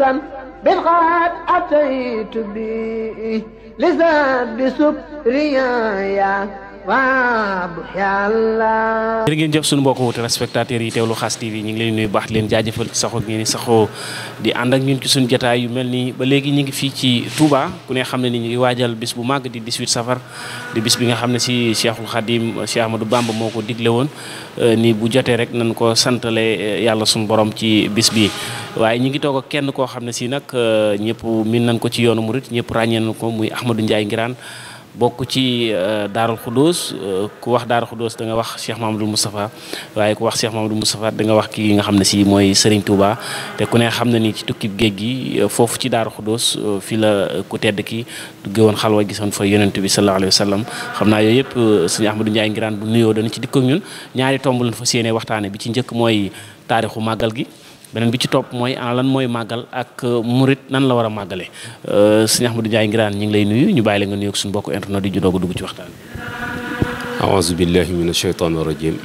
نفسا بالغاد أتيت بي لزاد بسكريا jërë ngeen jëf suñu mbokku téléspectateurs yi teewlu Xass TV ñu ngi leen nuyu baax di leen jaajëfal ci saxoo ngeen saxoo di ànd ak ñun ci suñu jotaay yu mel nii ba léegi ñu ngi fii ci Touba ku ne xam ne ni ñu ngi waajal bis bu màgg di 18 safar di bis bi nga xam ne si Cheikhul Khadim Cheikh Ahmadou bàmba moo ko digle woon euh, nii bu jotee rek nañ ko santalee euh, yàlla suñu borom ci bis bi waaye ñu ngi toog kenn koo xam ne si nag euh, ñëpp min nañ ko ci yoonu murit ñëpp ràññee nañ ko muy Ahmadou Ndiaye Ngiraan bokk ci euh, daarul xudóos euh, ku wax daarul xudóos da nga wax Cheikh Mamadou Moustapha waaye ku wax Cheikh Mamadou Moustapha da nga wax ki nga xam ne si mooy Serigne Touba te ku ne xam na ni ci tukki géej gi euh, foofu ci daarul xudóos fi la ku tedd ki duggee woon xalwa gisoon fa yonent bi sallallahu alayhi wa sallam xam naa yooyu yëpp sëñ Ahmadou Ndiaye ngiraan bu nuyoo dana ci dikk ak ñun ñaari tomb lañ fa séenee waxtaane bi ci njëkk mooy taarixu màggal gi beneen bi ci topp mooy ana ah, lan mooy màggal ak euh, murit nan la war a màggale euh, sëñ Ahmadou Ndiaye Nguirane ñu ngi lay nuyu ñu bàyyi la nga nuyu ak suñu mbokku internet yi ñu doog a dugg ci waxtaan bi aouzu billahi min asheytaan irajim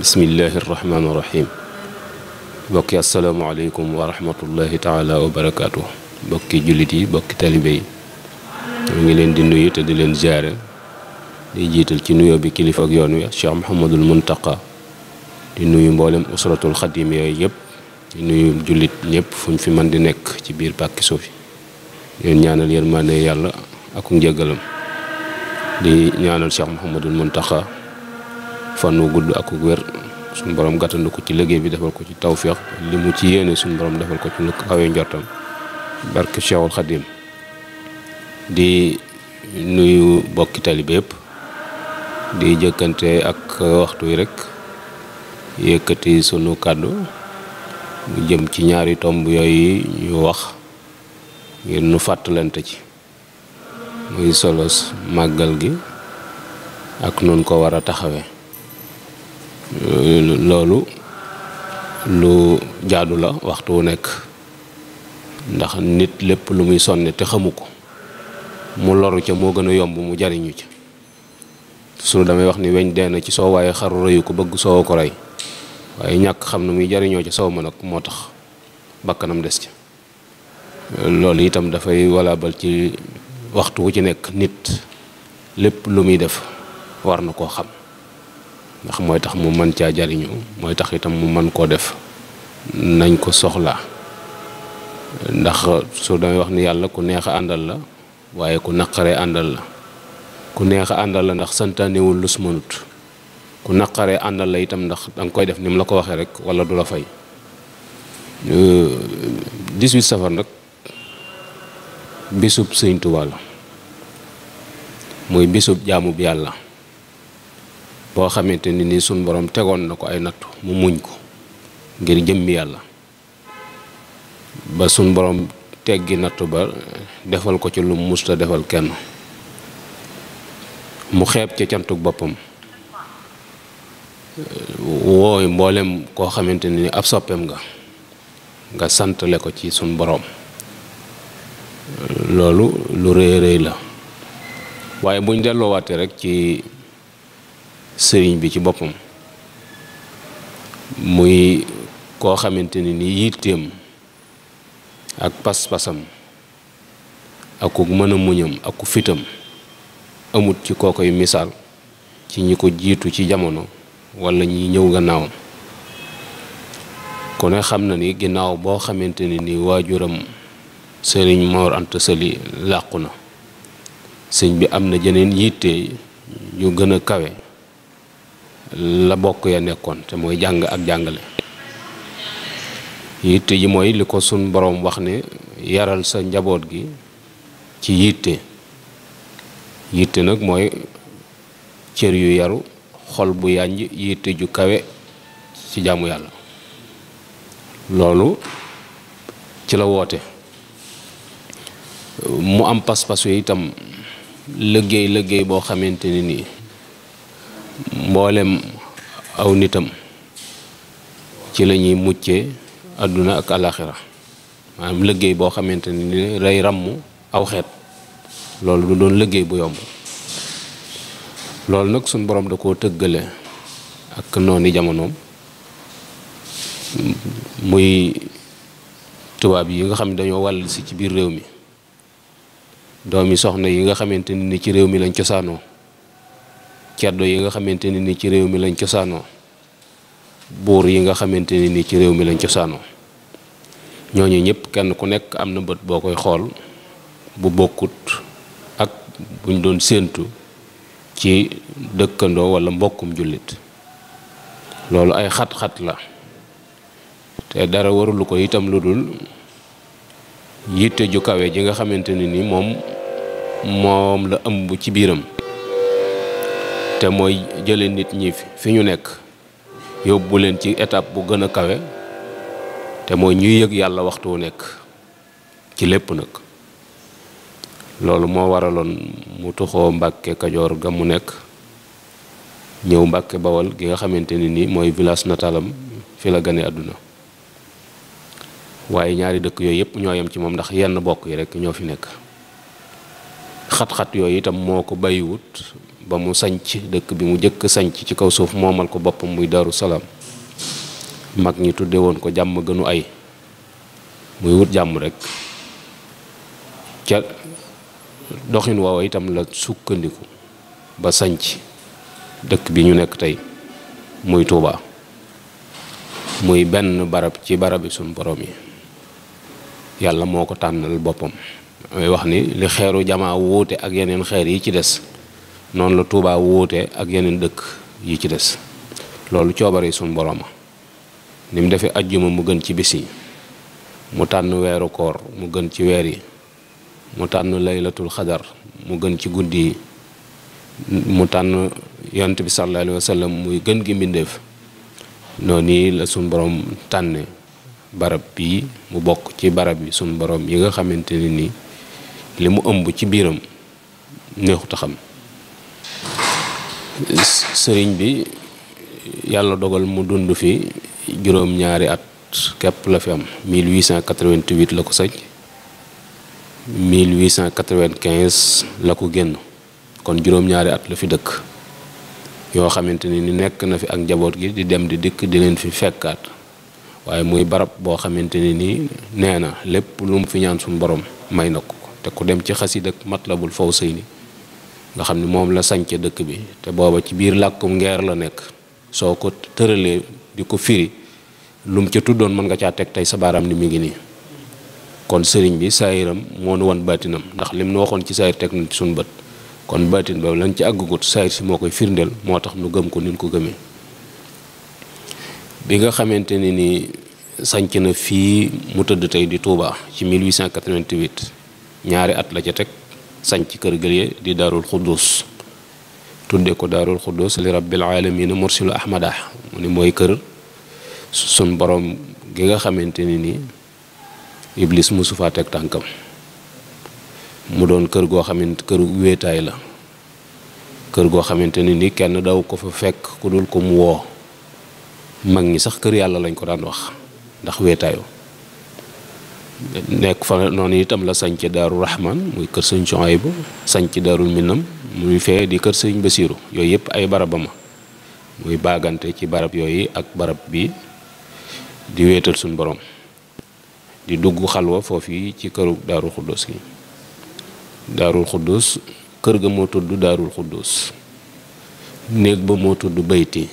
bismillahi arrahmani irrahim mbokki asalaamaaleykum wa rahmatullahi taala wa barakaatu bokki jullit yi mbokki talibe yi ngi leen di nuyu te di leen ziare di jiital ci nuyoo bi kilifa ak yoon wi Cheikh Mouhamadul Muntaqa di nuyu mboolem usratul xadim yooyu yëpp di nuyu jullit ñëpp fuñ fi mën di nekk ci biir pàkki suuf yi leen ñaanal yërmande yàlla ak njëgalam di ñaanal Cheikh Mouhamadul Mountakha fan wu gudd ak wér suñ borom gàttandu ko ci liggéey bi defal ko ci tawféex li mu ci yéene suñ boroom defal ko ci lu kawe njortam barke Cheikhul Xadim di nuyu bokki talibe yëpp di jëkkante ak waxtu yi rekk yëkkati sunu kàddu mu jëm ci ñaari tomb yooyu ñu wax ngir nu fàttalante ci muy solos màggal gi ak noon ko war a taxawe loolu lu jaadu la waxtu wu nekk ndax nit lépp lu muy sonne te xamu ko mu loru ca moo gën a yomb mu jariñu ca sunu damay wax ni weñ dee na ci soo waaye xaru rëyu ko bëgg soow ko rey waaye ñàkk xam ne muy jariñoo ci sow ma nag moo tax bakkanam des ci loolu itam dafay walaabal ci waxtu wu ci nekk nit lépp lu muy def war na koo xam ndax mooy tax mu mën caa jariñu mooy tax itam mu mën koo def nañ ko soxlaa ndax soo damay wax ni yàlla ku neex a àndal la waaye ku naqaree àndal la ku neex a àndal la ndax santaanewul lus mënut ku naqaree àndal la itam ndax da nga koy def ni mu la ko waxee rek wala du la fay 18 euh, safar nag bisub sëñ Tuubaa la mooy bisub jaamub yàlla boo xamante ni ni suñ boroom tegoon na ko ay nattu mu muñ ko ngir jëmmi yàlla ba suñ boroom teggi nattu ba defal ko ci lu musta defal kenn mu xeeb ca cantuk boppam woo mboolem koo xamante ni ab soppeem nga nga santale ko ci suñ boroom loolu lu rëy rëy la waaye buñ delloowaatee rek ci sëriñ bi ci boppam muy koo xamante ni ni yitteem ak pas-pasam ak ku mën a muñam ak ku fitam amut ci koo koy misaal ci ñi ko jiitu ci jamono wala ñi ñëw gannaawam ku ne xam na ni ginnaaw boo xamante ni ni waajuram sëriñ Mor Anta Sali làqu na sëñ bi am na jeneen yitte yu gën a kawe la bokk ya nekkoon te mooy jàng ak jàngale yitte ji mooy li ko sun boroom wax ne yaral sa njaboot gi ci yitte yitte nag mooy cër yu yaru xol bu yànj yitte ju kawe ci jaamu yàlla loolu ci la woote mu am pas-pas yi itam liggéey liggéey boo xamante ne nii mboolem aw nitam ci la ñuy muccee àdduna ak alaxira maanaam liggéey boo xamante ne nii rey ràmm aw xeet loolu du doon liggéey bu yomb loolu nag suñ boroom da koo tëggale ak noonu jamonoom muy tubaab yi nga xam ne dañoo wàll si ci biir réew mi doom yi soxna yi nga xamante ne ni ci réew mi lañ cosaanoo ceddo yi nga xamante ne ni ci réew mi lañ cosaanoo buur yi nga xamante ne nii ci réew mi lañ cosaanoo ñooñu ñëpp kenn ku nekk am na bët boo koy xool bu bokkut ak buñ doon séentu ci dëkkandoo walla mbokkum jullit loolu ay xat-xat la te dara warulu ko itam lu dul yitte ju kawe ji nga xamante ne ni moom moom la ëmb ci biiram te mooy jële nit ñi fi ñu nekk yóbbu leen ci étape bu gën a kawe te mooy ñuy yëg yàlla waxtu wu nekk ci lépp nag loolu moo waraloon mu tuxoo Mbàkke Kajoor ga mu nekk ñëw Mbàkke Bawol gi nga xamante ni nii mooy village nataalam fi la gane àdduna waaye ñaari dëkk yooyu yëpp ñoo yam ci moom ndax yenn bokk yi rekk ñoo fi nekk xat-xat yooyu itam moo ko bàyyiwut ba mu sañc dëkk bi mu jëkk sañc ci kaw suuf moomal ko boppam muy Daaru Salaam mag ñi tudde woon ko jàmm gënu ay muy wut jàmm rek doxin woowa itam la sukkandiku ba sañc dëkk bi ñu nekk tey muy tuuba muy benn barab ci barab bi suñu borom yi yàlla moo ko tànnal boppam mooy wax ni li xeeru jamaa wuute ak yeneen xeer yi ci des noonu la Touba wuute ak yeneen dëkk yi ci des loolu coobare yi suñu borooma ni mu defee ajjuma mu gën ci bis yi mu tànn weeru koor mu gën ci weer yi mu tànn laylatul xadar mu gën ci guddi yi mu tànn yont bi sallallahu alayhi muy gën gi mbindéef noonu la suñ borom tànne barab bii mu bokk ci barab bi suñ boroom yi nga xamante ne ni li mu ëmb ci biiram neexut xam sëriñ bi yàlla dogal mu dund fi juróom-ñaari at képp la fi am 1888 la ko sëj 1895 la ko génn kon juróom-ñaari at la fi dëkk yoo xamante ni nekk na fi ak njaboot gi di dem di dikk di leen fi fekkaat waaye muy barab boo xamante ni nii nee na lépp lu mu fi ñaan suñu borom may na ko te ku dem ci xasida ak Matlabul ni nga xam ni moom la sañce dëkk bi te booba ci biir làkkum ngeer la nekk soo ko tëralee di ko firi lum ca tuddoon mën nga caa teg tey sa baaraam ni mu ngi nii kon sëriñ bi saayiram moo nu wan baatinam ndax lim nu waxoon ci saayir teg na ci suñu bët kon baatin ba lañ ci àggugut saayir si moo koy firndeel moo tax nu gëm ko nin ko gëmee bi nga xamante ne ni sanc na fii mu tëdd tey di Touba ci 1888 ñaari at la ca teg sanc kër gële di daarul xuddus tudde ko daarul xuddus li rabbil alamina mursilu ahmada mu ne mooy kër sun borom gi nga xamante ni nii iblis mosu faa teg tànkam mu doon kër goo xamante këru wéetaay la kër goo xamante ne ni kenn daw ko fa fekk ku dul ko mu woo mag ñi sax kër yàlla lañ ko daan wax ndax wéetaayu nekk fa noonu itam la sañc daaru rahman muy kër sëñ sañ ci daarul minam muy fee di kër sëñ basiiru yooyu yëpp ay barabama muy baggante ci barab yooyu ak barab bi di wéetal suñ borom di dugg xalwa foofu yi ci këru daarul xuddus gi daarul xuddus kër ga moo tudd daarul xuddus néeg ba moo tudd bayti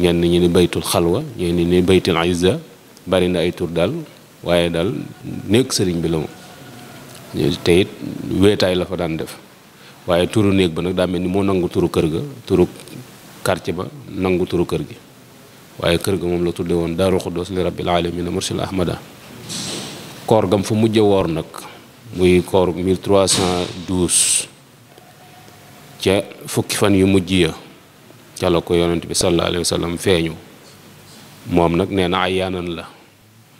ñenn ñi ni baytul xalwa ñenn ñi ni baytul izza bari na ay tur daal waaye daal néeg sëriñ bi la moom te it weetaay la fa daan def waaye turu néeg ba nag daa mel ni moo nangu turu kër ga turu quartier ba nangu turu kër gi waaye kër ga moom la tudde woon daaru xuddoos li rabbil alamina mursil ahmada koor gam fa mujj woor nag muy koor 1312 ca fukki fan yu mujj ya ca la ko yonent bi sallallahu alayhi wa sallam feeñu moom nag nee na ay la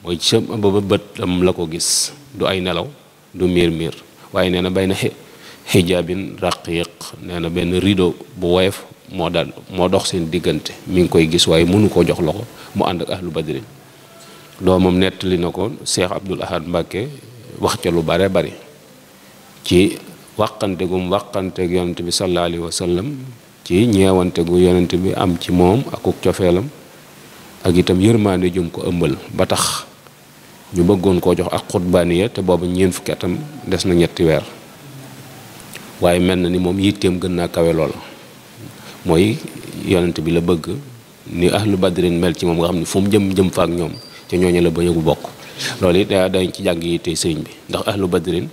mooy ca ba bët am la ko gis du ay nelaw du miir miir waaye nee na bay na xijaabin raqiq nee na benn rideau bu woyof moo dal moo dox seen diggante mi ngi koy gis waaye mënu koo jox loxo mu ànd ak ahlu badrin doomam nettali na ko Cheikh Abdoul Ahad Mbacke wax ca lu bare bari ci wàqante gum wàqante yonent bi sallallahu alayhi wa ci ñeewante gu yonent bi am ci moom akuk cofeelam ak itam yërmaande jum ko ëmbal ba tax ñu bëggoon koo jox ak xutbaaniya te booba ñeen fukki atam des na ñetti weer waaye mel na ni moom yitteem gën naa kawe lool mooy yonent bi la bëgg ni ahlu badrin mel ci moom nga xam ni fu jëm jëm fa ak ñoom ca ñooñu la ba yëgu bokk loolu it dañ ci jàng yi tey sëriñ bi ndax ahlu badrin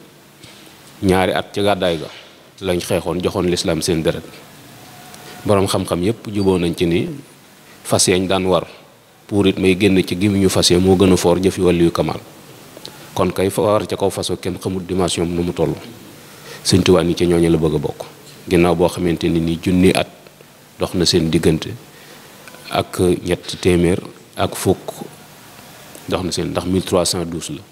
ñaari at ci gàddaay ga lañ xeexoon joxoon lislaam seen deret boroom xam-xam yépp juboo nañ ci ni fas yañ daan war pour it may génn ci gimiñu fas ya moo gën a foor jëf yi wàllu yu kamaal kon kay fa war ca kaw faso kenn xamul dimension nu mu toll sëñ Tuubaa ni ci ñooñu la bëgg a bokk ginnaaw boo xamante ni ni junni at dox na seen diggante ak ñett téeméer ak fukk dox na seen ndax 1312 la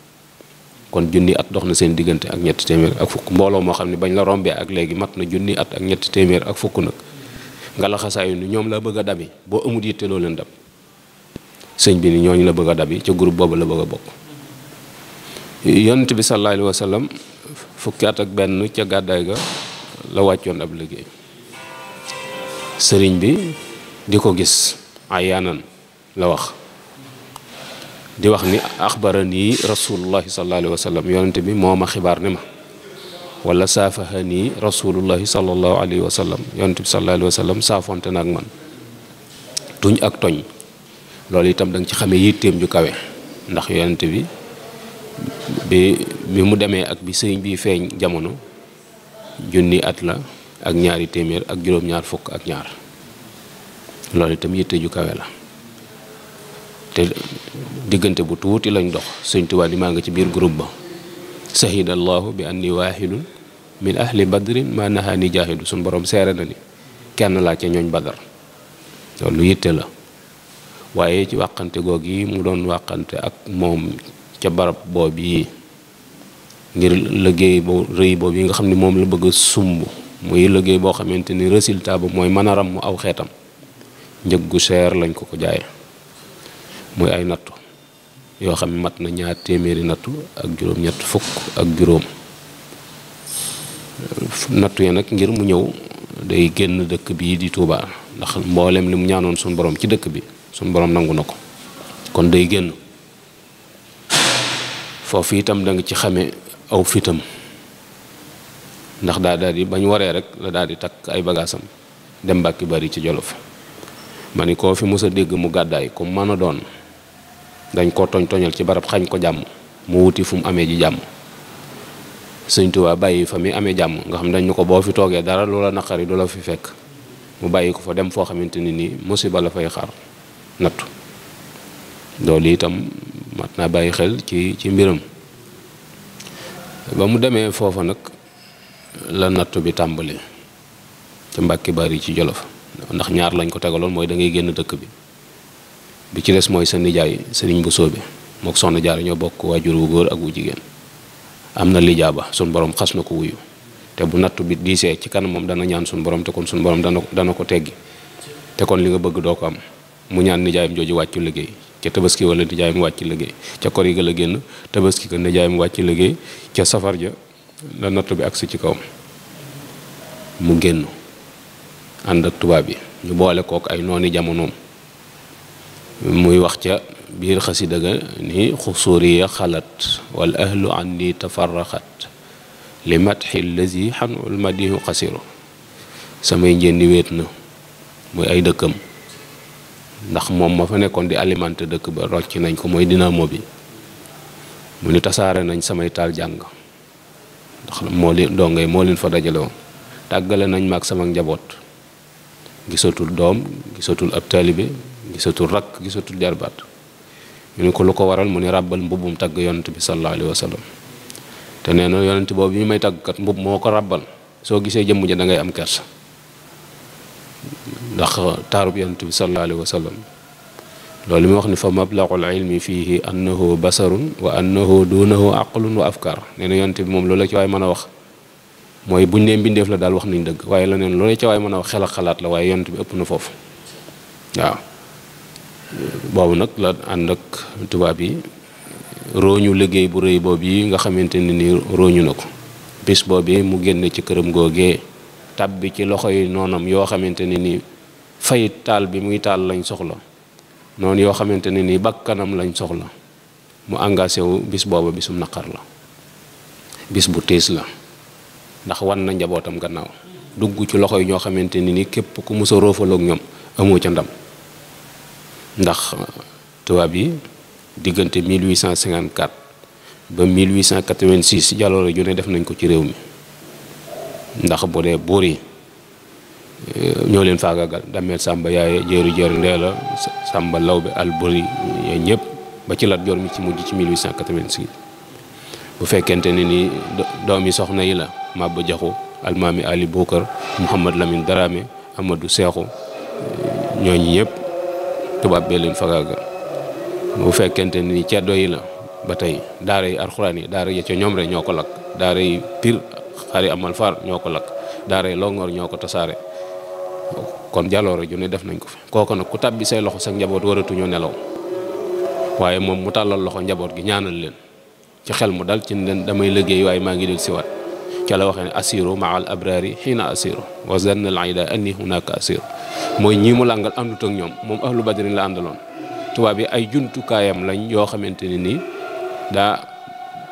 kon junni at dox na seen diggante ak ñetti téeméer ak fukk mbooloo moo xam ne bañ la rombee ak léegi mat na junni at ak ñetti téeméer ak fukk nag nga la xasaayu ni ñoom la bëgg a dabi boo amul yitte loo leen dab sëñ bi ni ñooñu la bëgg a dabi ca groupe boobu la bëgg a bokk yonent bi sallallahu alayhi wa sallam fukki at ak benn ca gàddaay ga la wàccoon ab liggéey sëriñ bi di ko gis ayaanan la wax di wax ni axbarani rasulullahi sallallahu alayhi wa sallam yonente bi moo ma xibaar ne ma wala saafahani rasulullahi sallallahu alayhi wa sallam yonente bi sallallahu saafonte na ak man tuñ ak toñ loolu itam danga nga ci xamee yitteem ju kawe ndax yonente bi bi mu demee ak bi sëñ bi feeñ jamono junni at la ak ñaari téeméer ak juróom-ñaar fukk ak ñaar loolu itam yitte ju kawe la te diggante bu tuuti lañ dox sëñ Tuubaa maa nga ci biir groupe ba sahid allahu bi anni waahidun min ahli badrin ma naha ni suñ borom seere na ni kenn laa ca ñooñ badar lu yitte la waaye ci waqante goog yi mu doon wàqante ak moom ca barab boobu yi ngir liggéey bo rëy boobu yi nga xam ne moom la bëgg a sumb muy liggéey boo xamante ni résultat ba mooy mën a ram mu aw xeetam njëg gu seer lañ ko ko jaaye mooy ay nattu yoo xam ne mat na ñaar téeméeri nattu ak juróom-ñett fukk ak juróom nattu ya nag ngir mu ñëw day génn dëkk bii di Touba ndax mbooleem li mu ñaanoon suñ boroom ci dëkk bi suñu boroom nangu na ko kon day génn foofu itam da nga ci xame aw fitam ndax daa daal di bañ waree rek la daal di takk ay bagaasam dem mbàkki bari ci jolof ma ni koo fi musa dégg mu gàddaay comme mën a doon dañ koo toñ toñal ci barab xañ ko jàmm mu wuti fu mu amee ji jàmm sëñ Tuubaa bàyyi fa mi amee jàmm nga xam dañ ñu ko boo fi toogee dara loola naqari du la fi fekk mu bàyyi ko fa dem foo xamante ni nii musiba la fay xaar nattu loolu itam mat naa bàyyi xel ci ci mbiram ba mu demee foofa nag la nattu bi tàmbali ci mbàkki bari ci jolof ndax ñaar lañ ko tegaloon mooy da ngay génn dëkk bi bi ci des mooy sa nijaay sëriñ bu bi mook soxna jaara ñoo bokk waajur wu góor ak wu jigéen am na ba suñ borom xas na ko wuyu te bu nattu bi diisee ci kanam moom dana ñaan suñ borom te kon suñ borom dana dana ko teggi te kon li nga bëgg doo ko am mu ñaan nijaayam jooju wàccu liggéey ca tabaski wala nijaayam wàcc liggéey ca kor yi ga la génn tabaski ko nijaayam wàcc liggéey ca safar ja la nattu bi agsi ci kawam mu génn ànd ak tubaab yi ñu boole kook ay nooni jamonoom muy wax ca biir xasida ga ni xusuuriya xalat wal ahlu an ni tafarraxat li matxi lazi xanul madihu xasiru samay njëndi wéet na muy ay dëkkam ndax moom ma fa nekkoon di alimenté dëkk ba rocc nañ ko mooy dinamo bi mu ni tasaare nañ samay taal jàng ndax moo leen dongay moo leen fa dajale tàggale nañ maag sama njaboot gisatul doom gisatul ab taalibe gisatul rakk gisatul jarbaat ñu ne ko lu ko waral mu ne ràbbal mbubbum tagg yonent bi sallallahu alayhi wa te nee na yonent boobu bi may tàggkat mbubb moo ko ràbbal soo gisee jëmm ja da ngay am kersa ndax taarub yonent bi sallallahu alayhi wa sallam loolu mi wax ni fa mablagul ilmi fiihi annahu basarun wa annahu duunahu aqlun wa afkar nee na yonent bi moom loolu la ci waay mën a wax mooy buñ nee mbindeef la daal wax nañ dëgg waaye la neen loolu ci waay mën a wax xel ak xalaat la waaye yonent bi ëpp na foofu waaw boobu nag la ànd ak tubaab yi rooñu liggéey bu rëy boobu yi nga xamante ne ni rooñu na ko bis boobu mu génn ci këram googee tàbbi ci loxo yi noonam yoo xamante ne ni fay taal bi muy taal lañ soxla noonu yoo xamante ne ni bakkanam lañ soxla mu engagé wu bis booba bisum naqar la bis bu tiis la ndax wan na njabootam gannaaw dugg ci loxo yi ñoo xamante ni nii képp ku mësa a ñoom amoo ca ndam ndax tubaab yi diggante 1854 ba 1886 jàlloore ju ne nañ ko ci réew mi ndax bu dee buur yi eh, ñoo leen faagagal dameel sàmba yaaye jéeru jéeru la sàmba lawbe al yooyu ñëpp ba ci Lat Joor mi ci mujj ci 1886 bu fekkente ne ni doom yi soxna yi la Maba Jaxu almaami Ali Boukar Mouhamad Lamine Darame Amadou Seexu eh, ñooñu ñëpp tubaab bee leen fagaagal bu fekkente ni ceddo yi la ba tey daara yi alxuraan yi daara yi ca ñoom rek ñoo ko lakk daara yi pir ñoo ko lakk daara yi longoor ñoo ko tasaare kon jaloore ju ne def nañ ko fi kooku nag ku tàbbi say loxo sa njaboot waratuñoo nelaw waaye moom mu tàllal loxo njaboot gi ñaanal leen ci xel mu dal ci leen damay liggéey waaye maa ngi del siwaat ca la waxee ne asiru ma al abrari xiina ne wa zanna al ida anni hunaka asiru mooy ñii mu làngal àndut ak ñoom moom ahlu badrin la àndaloon tubaab yi ay jumtukaayam lañ yoo xamante ne nii daa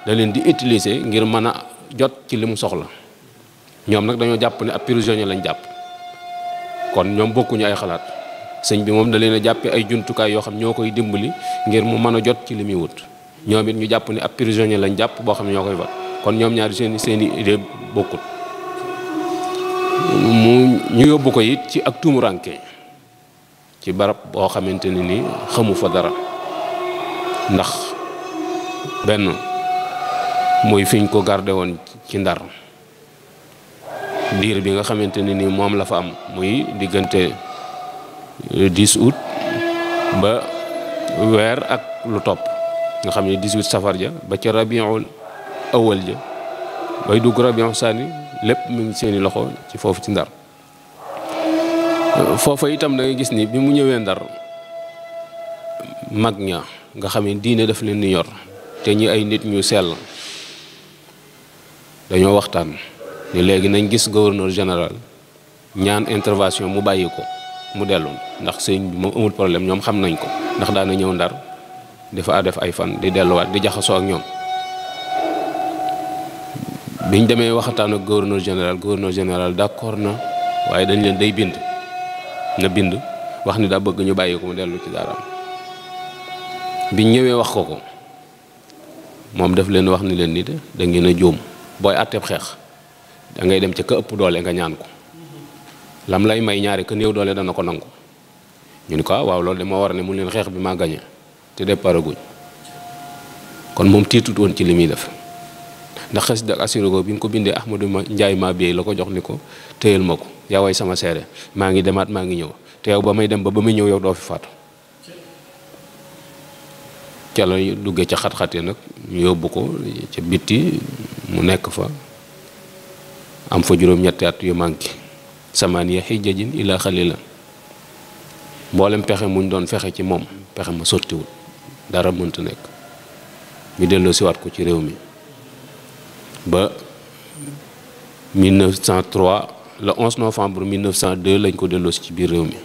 da leen di utiliser ngir mën a jot ci li mu soxla ñoom nag dañoo jàpp ne ab prisonnier lañ jàpp kon ñoom bokkuñu ay xalaat sëñ bi moom da leen a jàppee ay jumtukaay yoo xam ñoo koy dimbali ngir mu mën a jot ci li muy wut ñoom it ñu jàpp ne ab prisonnier lañ jàpp boo xam ne ñoo koy wat kon ñoom ñaari seen seen i idée bokkut mu ñu yóbbu ko it ci ak tumuranke ci barab boo xamante ne ni xamu fa dara ndax benn mooy fiñ ko garde woon ci ndar diir bi nga xamante ne ni moom la fa am muy diggante 10 euh, août ba weer ak lu topp nga xam ni 18 safar ja ba ca rabiul awal ja bay dugg rabion sànni lépp mu ngi seeni loxo ci foofu ci ndar foofa itam da gis ni bi mu ñëwee ndar mag ña nga xam ne diine daf leen di yor te ñi ay nit ñu la dañoo waxtaan ni léegi nañ gis gouverneur général ñaan intervention mu bàyyi ko mu dellu ndax sëñ bi moom amul problème ñoom xam nañ ko ndax daana ñëw ndar dafa def ay fan di delluwaat di jaxasoo ak ñoom bi ñu demee waxataan ak gouverneur général gouverneur général d'accord na waaye dañ leen day bind na bind wax ni daa bëgg ñu bàyyi ko mu dellu ci daaraam biñ ñëwee wax ko ko moom daf leen wax ni leen ni de da ngeen a jóom booy àtteeb xeex dangay dem ca ka ëpp doole nga ñaan ko lam lay may ñaari ka néew doole dana ko nangu ñu ni ko ah, waaw loolu de moo war ne mu leen xeex bi maa gañe te départ guñ kon moom tiitut woon ci li muy def ndax xasida ak assuré ko bi nga ko bindee Ahmadou Njaay maa biey la ko jox ni ko téyal ma ko yaa way sama seere maa ngi demaat maa ngi ñëw te yow ba may dem ba ba muy ñëw yow doo fi faatu ca la duggee ca xat-xat nag ñu yóbbu ko ca bitti mu nekk fa am fa juróom-ñetti at yu manqué samaaniya xijjajin ilaa xalila mboolem pexe muñ doon fexe ci moom pexe ma sottiwul dara mënta nekk ñu delloo siwaat ko ci réew mi ba 1903 le 11 novembre 1902 lañ ko delloosi ci biir réew mi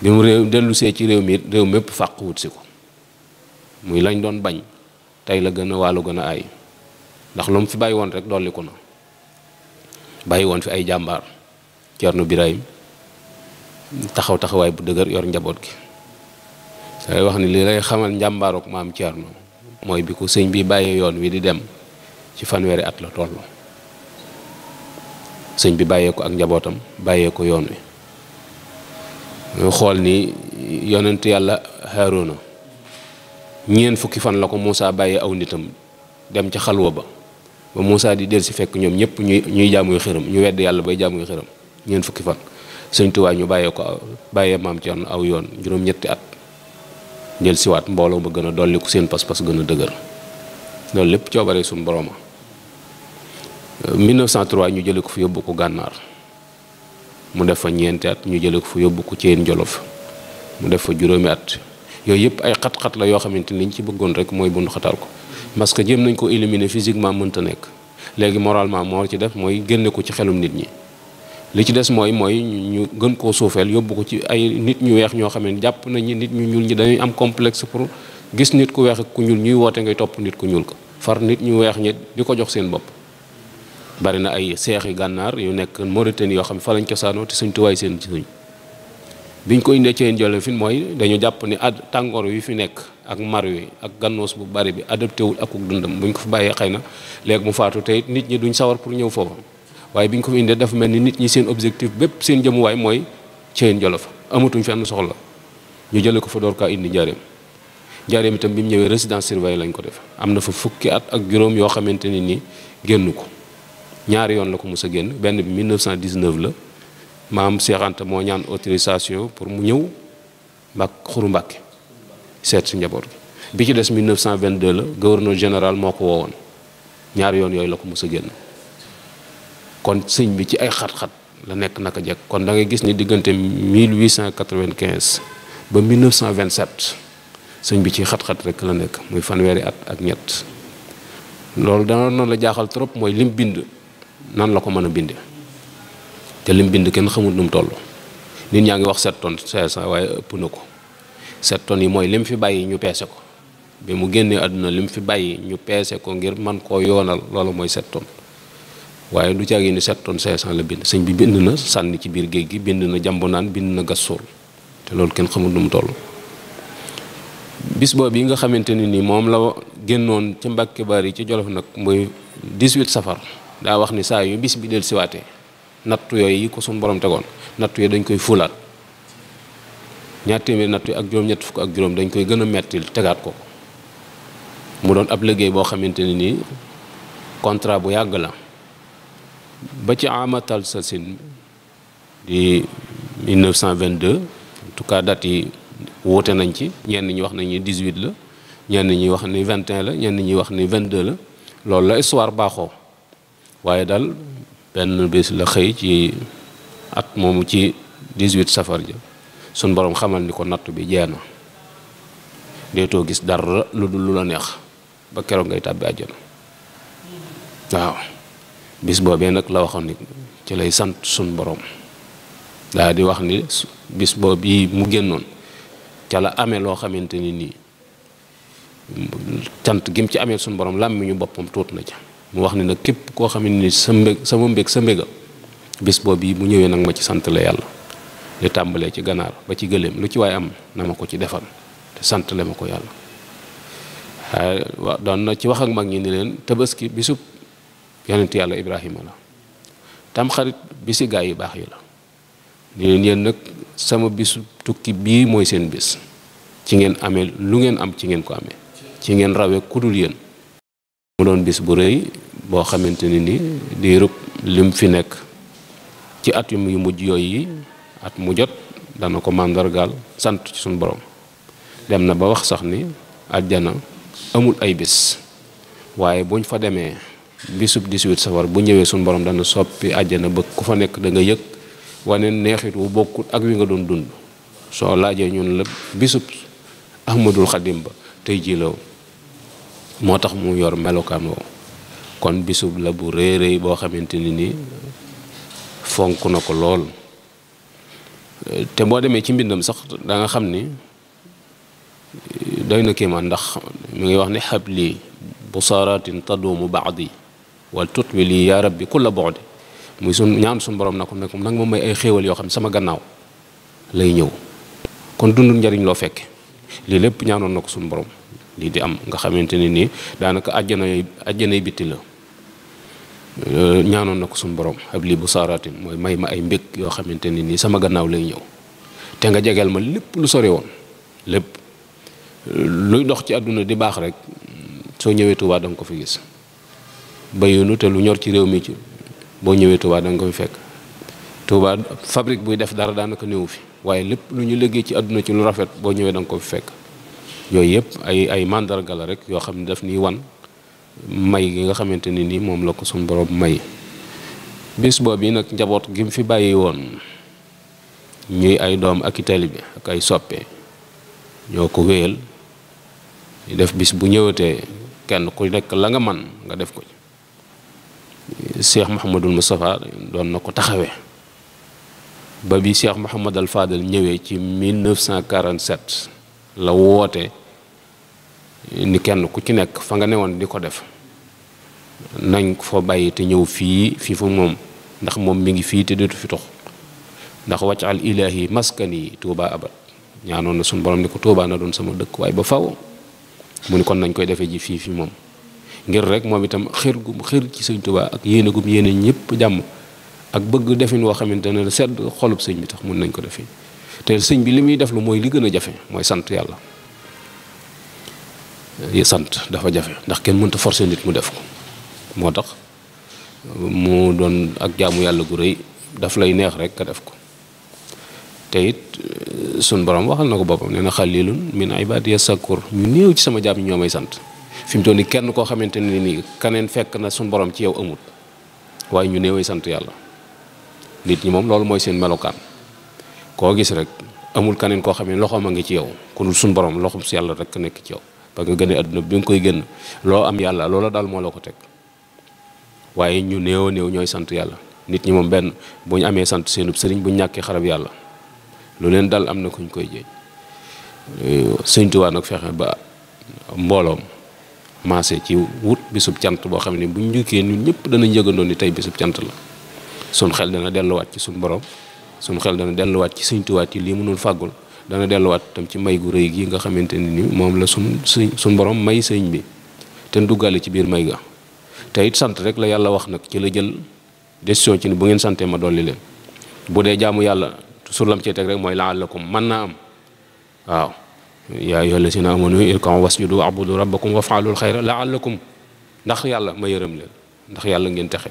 bi mu réew dellusee ci réew mi réew mépp fàq wut si ko muy lañ doon bañ tey la gën a wàllu gën a ay ndax lu mu fi bàyyi woon rek dolliku na bàyyi woon fi ay jàmbaar Cerno Birahim taxaw taxawaay bu dëgër yor njaboot gi say wax ni li lay xamal njàmbaarook maam no mooy bi ko sëñ bi bàyyee yoon wi di dem ci fanweeri at la toll sëñ bi bàyyee ko ak njabootam bàyyee ko yoon wi ñu xool ni yonent yàlla Haaruna ñeent fukki fan la ko Moussa bàyyee aw nitam dem ca xalwa ba ba Moussa di del si fekk ñoom ñëpp ñuy ñuy jaamuy xëram ñu wedd yàlla bay jaamuy xëram ñeen fukki fan sëñ Tuubaa ñu bàyyee ko bàyyee maam ci yoon aw yoon juróom-ñetti at del siwaat mbooloo ba gën a dolliku seen pas-pas gën a dëgër loolu lépp coobare suñu borooma 1903 ñu jëlee ko fa yóbbu ko gànnaar mu def fa ñeenti at ñu jëlee ko fa yóbbu ko Ceen Jolof mu def fa juróomi at yooyu yëpp ay xat-xat la yoo xamante ni liñ ci bëggoon rek mooy bund xatal ko parce que jéem nañ ko éliminer physiquement mënta nekk léegi moralement moo ci def mooy génne ko ci xelum nit ñi li ci des mooy mooy ñu gën koo suufeel yóbbu ko ci ay nit ñu weex ñoo xam ne jàpp nañ nit ñu ñuul ñi dañuy am complexe pour gis nit ku weex ak ku ñuul ñuy woote ngay topp nit ku ñuul ko far ñu weex ñi ko jox seen bopp bari na ay seexi gànnaar yu nekk Mauritanie yoo xam ne fa lañ cosaanoo te suñ tuwaay seen ci suñ biñ ko indee ceen jole fi mooy dañu jàpp ni ad tàngoor wi fi nekk ak mar wi ak gannoos bu bari bi adapté wul ak dundam buñ ko fi bàyyee xëy na léegi mu faatu tey nit ñi duñ sawar pour ñëw foofu waaye bi ñu ko indee dafa mel ni nit ñi seen objectif bépp seen jëmuwaay mooy ceen jolof amatuñ fenn soxla ñu jële ko fa door kaa indi njaareem njaareem itam bi mu ñëwee résidence surveillée lañ ko def am na fa fukki at ak juróom yoo xamante ni nii génn ko ñaari yoon la ko mos a génn benn bi 1919 la maam Cheikh moo ñaan autorisation pour mu ñëw mbak xuru Mbàkke seet si njaboot bi ci des 1922 la gouverneur général moo ko wowoon ñaari yoon yooyu la ko mos a génn kon sëñ bi ci ay xat-xat la nekk naka jekk kon da ngay gis ni diggante 1895 ba 1927 sëñ bi ci xat-xat rek la nekk muy fanweeri at ak ñett loolu dana noonu la jaaxal trop mooy lim bind. nan la ko mën a binde te lim bind kenn xamul nu mu toll nit ñaa ngi wax 7 tonnes 500 waaye ëpp na ko 7 tonnes yi mooy lim fi bàyyi ñu peese ko bi mu génnee àdduna lim fi bàyyi ñu peese ko ngir man koo yoonal loolu mooy 7 tonnes waaye du caagi ni 7 tonnes 500 la bind sëñ bi bind na sànni ci biir géej gi bind na jàmbu naan bind na gas suul te loolu kenn xamul nu mu toll bis boobu yi nga xamante ne nii moom la génnoon ci Mbàkke Bari yi ci Jolof nag muy 18 safar daa wax ni saa yu bis bi del siwaatee nattu yooyu yi ko suñu boroom tegoon nattu yooyu dañ koy fulaat ñaar téeméeri nattu ak juróom fukk ak juróom dañ koy gën a mettil tegaat ko mu doon ab liggéey boo xamante ne nii contrat bu yàgg la ba ci amatal sa sin di 1922 en tout cas date yi woote nañ ci ñenn ñi wax nañu 18 la ñenn ñi wax ni 21 la ñenn ñi wax ni 22 la loolu la histoire baaxoo waaye daal benn bés la xëy ci at moomu ci 18 safar ja suñ boroom xamal ni ko natt bi jeex na deetoo gis dara lu dul lu la neex ba keroog ngay tàbbi àjjana waaw bis boobee nag la waxoon ni ci lay sant suñ boroom daa di wax ni bis boobu yi mu génnoon ca la amee loo xamante ni nii cant gi ci amee suñ boroom làmmiñu boppam tuut na ca mu wax ne nag képp koo xam ne sa mbég sama mbég sa mbéga bés boobu yi mu ñëwee nag ma ci sant yàlla li tàmbalee ci ganaar ba ci gëléem lu ci waay am na ma ko ci defal te sant la ma ko yàlla waaye doon na ci wax ak mag ñi ni leen tabaski bisub yonent yàlla Ibrahima la tamxarit bisi gaa yu baax yi la ni leen yéen nag sama bisu tukki bii mooy seen bis ci ngeen amee lu ngeen am ci ngeen ko amee ci ngeen rawee kudul yéen mu doon bis bu rëy boo xamante ne ni diirub lim fi nekk ci at yu mujj yooyu at mu jot dana ko màndargaal sant ci suñu dem na ba wax sax ni àjjana amul ay bis waaye buñ fa demee bisub 18 safar bu ñëwee suñu borom dana soppi àjjana bëgg ku fa nekk danga yëg wane neexit wu bokkut ak wi nga doon dund soo laajee ñun la bisub Ahmadul Xadim ba tey jii moo tax mu yor melokaanoo kon bisub la bu rëy rëy boo xamante ni nii fonk na ko lool te boo demee ci mbindam sax da xam ni doy na kéemaan ndax mu ngi wax ni xab lii busaaraatin baax baadi wal tutwi lii yaa la kulla boodi muy sun ñaan sun borom na ko nekk nag moom may ay xéewal yoo xam ne sama gannaaw lay ñëw kon dund njariñ loo fekke lii lépp ñaanoon na ko suñu borom lii di am nga xamante ne nii daanaka àjjana àjjanay bitti la euh, ñaanoon na ko suñu boroom ab lii bu saaraatin mooy may ma ay mbég yoo xamante ne nii sama gannaaw lay ñëw te nga jegeel ma lépp lu sori woon lépp luy dox ci àdduna di baax rek soo ñëwee Tuubaa da fi gis bayoonu te lu ñor ci réew mi ci boo ñëwee Tuubaa da ko fi fekk Tuubaa fabrique buy def dara daanaka néew fi waaye lépp lu ñu liggéey ci àdduna ci lu rafet boo ñëwee da nga ko fi fekk yooyu yëpp ay ay mandarga la rek yoo xam ne daf ñuy wan may gi nga xamante ni nii moom la ko suñu borom may bis boobu yi nag njaboot gi mu fi bàyyi woon ñuy ay doom ak i bi ak ay soppe ñoo ko wéyal def bis bu ñëwatee kenn ku nekk la nga man nga def ko ci Cheikh Mouhamadul Moustapha doon na ko taxawee ba bi Cheikh Mouhamadal Fadal ñëwee ci 1947 la woote ni kenn ku ci nekk fa nga newoon di ko def nañ ko fa bàyyi te ñëw fii fii fu moom ndax moom mi ngi fii te dootu fi tox ndax wàcc al ilaahi maskan yi tuuba abad ñaanoon na suñu borom ni ko tuuba na doon sama dëkk waaye ba faw mu ni kon nañ koy defee ji fii fi moom ngir rek moom itam xër gum xër ci sëñ tuuba ak yéene gum yéene ñëpp jàmm ak bëgg defin woo xamante ne sedd xolub sëñ bi tax mun nañ ko defee te sëñ bi li muy def lu mooy li gën a jafe mooy sant yàlla sant dafa jafe ndax kenn mënta forcer nit mu def ko moo tax mu doon ak jaamu yàlla gu rëy daf lay neex rek a def ko te it eh, sun borom waxal na ko boppam nee na xalilun min ibadiya sakur ñu néew ci sama jaam ñoo may sant fi mu toll nii kenn koo xamante ne nii keneen fekk na suñ borom ci yow amut waaye ñu néewee sant yàlla nit ñi moom loolu mooy seen melokaan. koo gis rek amul kaneen koo xam ne loxoom a ngi ci yow ku dul suñ borom loxoom si yàlla rek nekk ci yow parce que gën a àdduna bi nga koy génn loo am yàlla loola daal moo la ko teg waaye ñu néew néew ñooy sant yàlla nit ñi moom benn bu ñu amee sant seenub sëriñ bu ñàkkee xarab yàlla lu leen dal am na ku kuñ koy jéej Sëñ Tuubaa nag ba mbooloom maase ci wut bi bisub jant boo xam ne bu njukkee njëkkee ñun ñëpp danañ yëgandoo ni tey bisub jant la sun xel dana delluwaat ci suñ borom suñu xel dana delluwaat ci Sëñ yi lii mënul fàggul dana delluwaat tam ci may gu rëy gi nga xamante ne ni moom la suñ suñ suñ borom may sëñ bi ten duggaale ci biir may ga te it sant rek la yàlla wax nag ci la jël décision ci ni bu ngeen santee ma dolli leen bu dee jaamu yàlla surlam cee teg rek mooy la laallakum man naa am waaw yaa ayyuha llazina amanu irka'u wasjudu wa'budu rabbakum waf'alul xayra laallakum ndax yàlla ma yërëm leen ndax yàlla ngeen texe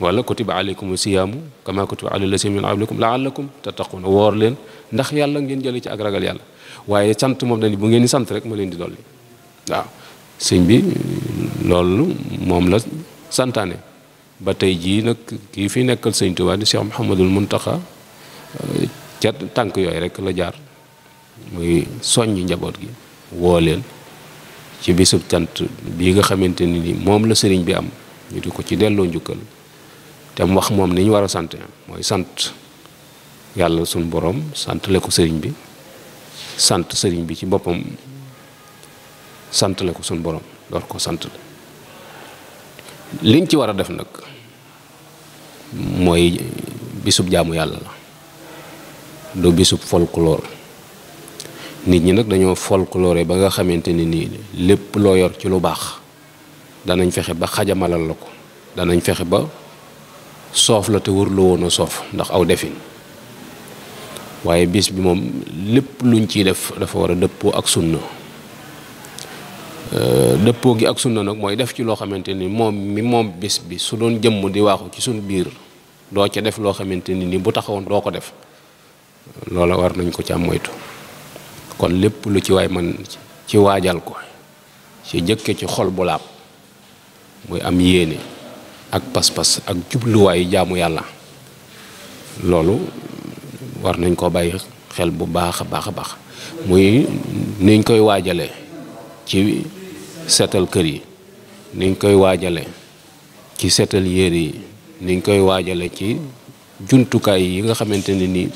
wala kutiba aleykum siyaamu kama kutiba ala lasina min qablikum laallakum tattaquuna woor leen ndax yàlla ngeen jëlee ci ak ragal yàlla waaye sant moom dañu bu ngeen di sant rek ma leen bi loolu moom la santaane ba tey jii nag kii fi nekkal sëñ Tuubaa di Cheikh Mouhamadul Muntaxa ca tànk yooyu rek la jaar muy soññ njaboot gi woo leen ci bisub cant bii nga xamante ni moom la sëriñ bi am ñu ko ci delloo njukkal te mu wax moom ni ñu war a sant mooy sant yàlla sunu boroom sant la ko sëriñ bi sant sëriñ bi ci boppam sant la ko sunu boroom door ko sant la liñ ci war a def nag mooy bisub jaamu yàlla la du bisub folklore nit ñi nag dañoo folklore ba nga xamante ni nii lépp loo yor ci lu baax danañ fexe ba xajamalal la ko danañ fexe ba soof la te wërlu woon a soof ndax aw defin waaye bis bi moom lépp luñ ciy def dafa war a dëppoo ak sunna euh, dëppoo gi ak sunna nag mooy def ci loo xamante ni moom mi moom bis bi su doon jëmm di waaxu ci suñ biir doo ca def loo xamante ni ni bu taxawoon doo ko def loola war nañ ko ci am moytu kon lépp lu ci waay man ci waajal ko ci jëkke ci xol bu laab muy am yéene ak pas-pas ak jubluwaayu jaamu yàlla loolu war nañ koo bàyyi xel bu baax a baax a baax muy niñ koy waajale ci seetal kër yi niñ koy waajale ci seetal yére yi niñ koy waajale ci jumtukaay yi nga xamante ne ni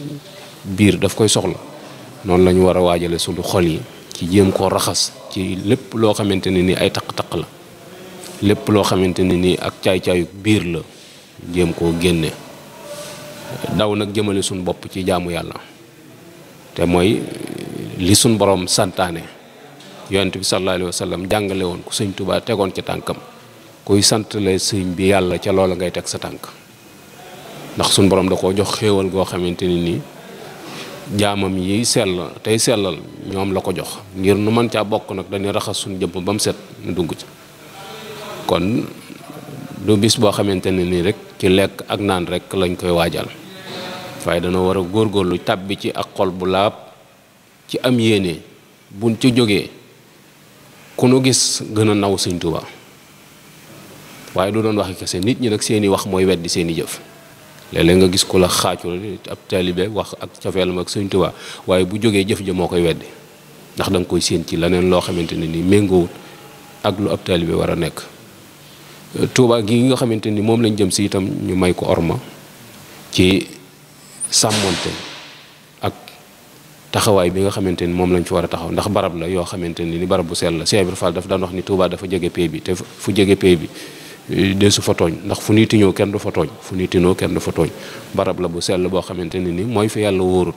biir daf koy soxla noonu lañu ñu war a waajale suñu xol yi ci jéem koo raxas ci lépp loo xamante ne ni ay taq-taq la lépp loo xamante ne nii ak caay-caayu biir la jéem koo génne daw nag jëmale suñ bopp ci jaamu yàlla te mooy li suñ borom santaane yonent bi sallallahu alayhi wa jàngale woon ku sëñ Tuubaa tegoon ca tànkam kuy santale sëñ bi yàlla ca loola ngay teg sa tànk ndax suñ borom da koo jox xéewal goo xamante ne nii jaamam yi sell tey sellal ñoom la ko jox ngir nu mën caa bokk nag dañuy raxas suñ jëmm ba mu set nu dugg ci kon du bis boo xamante ne nii rek ci lekk ak naan rek lañ koy waajal waaye dana war a góorgóorlu tàbbi ci ak xol bu laab ci am yéene buñ ci jógee ku nu gis gën a naw Sëñ Tuubaa waaye du doon waxi kese nit ñi nag seeni wax mooy weddi seeni jëf léeg nga gis ku la xaacul ab taalibe wax ak cofeelam ak Sëñ Tuubaa waaye bu jógee jëf ja moo koy weddi ndax da nga koy séen ci leneen loo xamante ne nii méngoowut ak lu ab taalibe war a nekk Touba gi nga xamante ni moom lañ jëm si ñu may ko orma ci sàmmonte ak taxawaay bi nga xamante ni moom lañ fi war a taxaw ndax barab la yoo xamante ni ni barab bu sell la Cheikh Ibrahima Fall dafa daan wax ni Touba dafa jege pay bi te fu jege pay bi de su fa tooñ ndax fu nuy tiñoo kenn du fa tooñ fu nuy kenn du fa barab la bu sell boo xamante ni ni mooy fi yàlla wóorut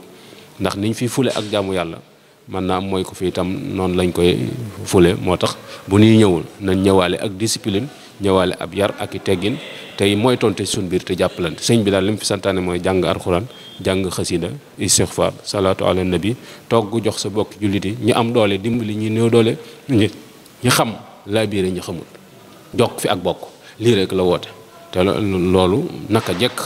ndax niñ fi fule ak jaamu yàlla man naa am mooy ko fi itam noonu lañ koy fule moo tax bu nuy ñëwul nañ ñëwaale ak discipline ñëwaale ab yar ak i teggin tey mooy tonte ci suñu biir te jàppalante sëñ bi daal li mu fi santaane mooy jàng alxuraan jàng xasida istixfaar salaatu ala nabi toog jox sa bokk jullit yi ñu am doole dimbali ñi néew doole ñi ñi xam laa biire ñu xamul jokk fi ak bokk lii rek la woote te loolu naka jekk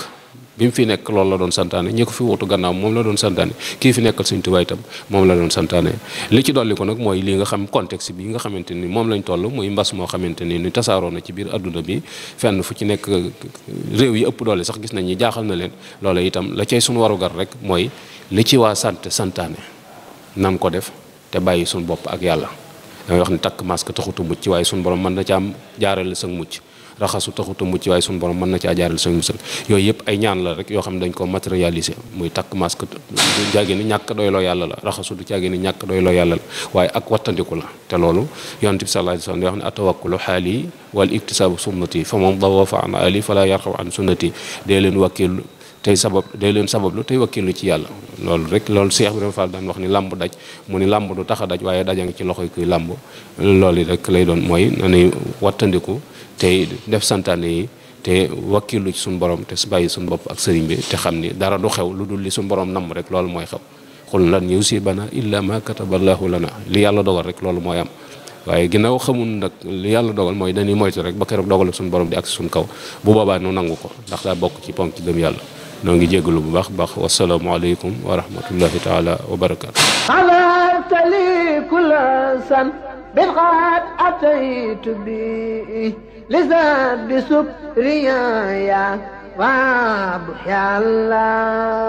bi mu fi nekk loolu la doon santaane ñi ko fi wutu gannaaw moom la doon santaane kii fi nekkal Sëñ Tuubaa itam moom la doon santaane li ci dolli ko nag mooy li nga xam contexte bi nga xamante ni moom lañ toll muy mbas moo xamante ni ni tasaaroo na ci biir adduna bi fenn fu ci nekk réew yi ëpp doole sax gis nañ ñi jaaxal na leen loole itam la cay suñu warugar rek mooy li ci waa sant santaane nan ko def te bàyyi suñu bopp ak yàlla damay wax ni takk masque taxutu mucc waaye suñu borom mën na ci am jaarale sa mucc raxasu taxuta mucc waaye suñu borom mën na caa jaaral suñu musal yooyu yëpp ay ñaan la rek yoo xam ne dañ ko matérialiser muy takk masque du jàggee ni ñàkk doy loo yàlla la raxasu du jàggee ni ñàkk doy loo yàlla la waaye ak wattandiku la te loolu yonent bi sallallahu alayhi yoo xam ne atawakkulu xaali wal iktisaabu sunnati fa moom dawafa an ali fala yarxaw an sunnati dee leen wàkkilu tey sabab day leen lu tey wakkilu ci yàlla loolu rek loolu Cheikh Ibrahima Fall daan wax ni làmb daj mu ni làmb du tax a daj waaye daja nga ci loxoy kuy làmb loolu rek lay doon mooy na nuy tey def santaane yi te wakkilu ci suñu borom te bàyyi suñu bopp ak sëriñ bi te xam ni dara du xew lu dul li suñu borom namm rek loolu mooy xew xul lan yusibana illa ma kataballahu lana li yàlla dogal rek loolu mooy am waaye ginnaaw xamul nag li yàlla dogal mooy dañuy moytu rek ba keroog dogal suñu borom di agsi suñu kaw bu boobaa nu nangu ko ndax daa bokk ci ponk ci gëm yàlla noo ngi jéggalu bu baax baax wasalaamu aleykum wa rahmatullahi taala wa barakaatu amartali kula لسبب سبريا يا رب يا الله